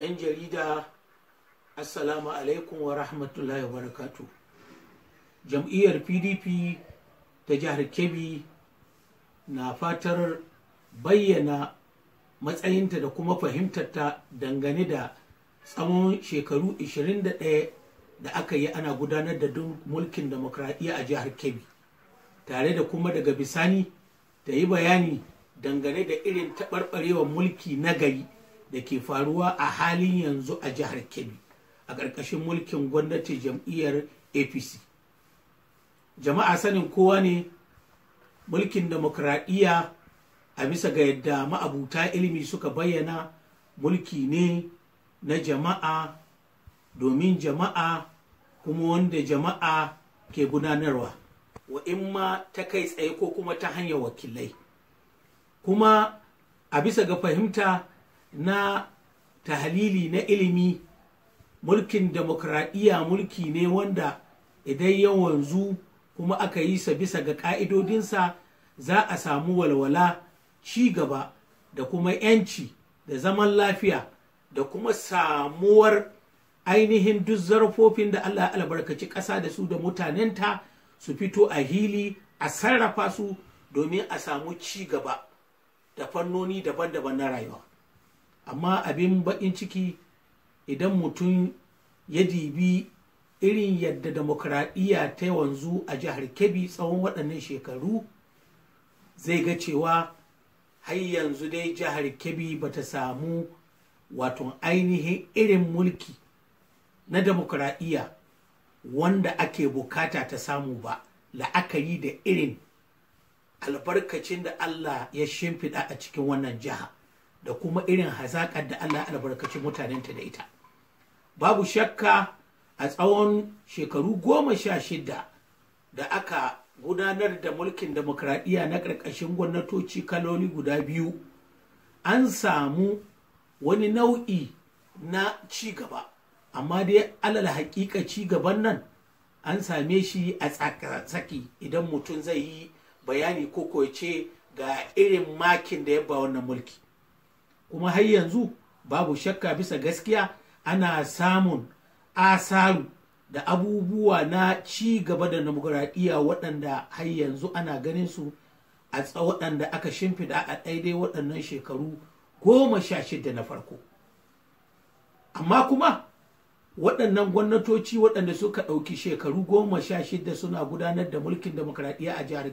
'yan jarida assalamu alaikum wa rahmatullahi wa barakatu jam'iyyar pdp ta jihar kebbi na fatar bayyana matsayinta da kuma fahimtarta dangane da tsawon shekaru 21 da aka yi ana gudanar da duk mulkin demokradiyya a jihar kebbi tare da kuma daga bisani ta yi bayani dangane da irin taɓarɓarewar mulki na gari da ke faruwa a halin yanzu a jihar Kebbi a ƙarƙashin mulkin gwamnati jam'iyyar APC. Jama'a sanin kowa ne mulkin demokradiyya a bisa ga yadda ma'abuta ilimi suka bayyana mulki ne na jama'a domin jama'a kuma wanda jama'a ke gudanarwa wa in ma ta kai tsaye ko kuma ta hanyar wakilai kuma a bisa ga fahimta na tahalili na ilimi mulkin demokradiyya mulki ne wanda idan ya wanzu kuma aka yi sa bisa ga ƙa'idodinsa za a samu walwala ci gaba da kuma 'yanci da zaman lafiya da kuma samuwar ainihin duk zarafofin da Allah albarkaci ƙasa da su da mutanenta su fito a hili a sarrafa su domin a samu ci gaba da fannoni daban-daban na rayuwa. amma abin baƙin ciki idan mutum ya dibi irin yadda demokradiyya ta wanzu a jihar kebbi tsawon waɗannan shekaru zai ga cewa har yanzu dai jihar kebbi ba ta samu wato ainihin irin mulki na demokradiyya wanda ake bukata ta samu ba la'akari da irin albarkacin da allah ya shimfiɗa a cikin wannan jiha da kuma irin hazaƙar da Allah albarkaci mutanenta da ita babu shakka a tsawon shekaru goma sha shida da aka gudanar da mulkin demokradiyya na ƙarƙashin gwamnatoci kaloli guda biyu an samu wani nau'i na ci gaba. amma dai alal haƙiƙa gaban nan an same shi a tsakasaki idan mutum zai yi bayani ko ce ga irin makin da ya ba wannan mulki kuma har yanzu babu shakka bisa gaskiya ana samun asaru da abubuwa na ci gaba da demokuraɗiyya waɗanda har yanzu ana ganin su a waɗanda aka shimfida a daidai waɗannan shekaru goma sha shida na farko amma kuma waɗannan gwamnatoci waɗanda suka ɗauki shekaru goma sha shida suna gudanar da mulkin demokuraɗiyya a jihar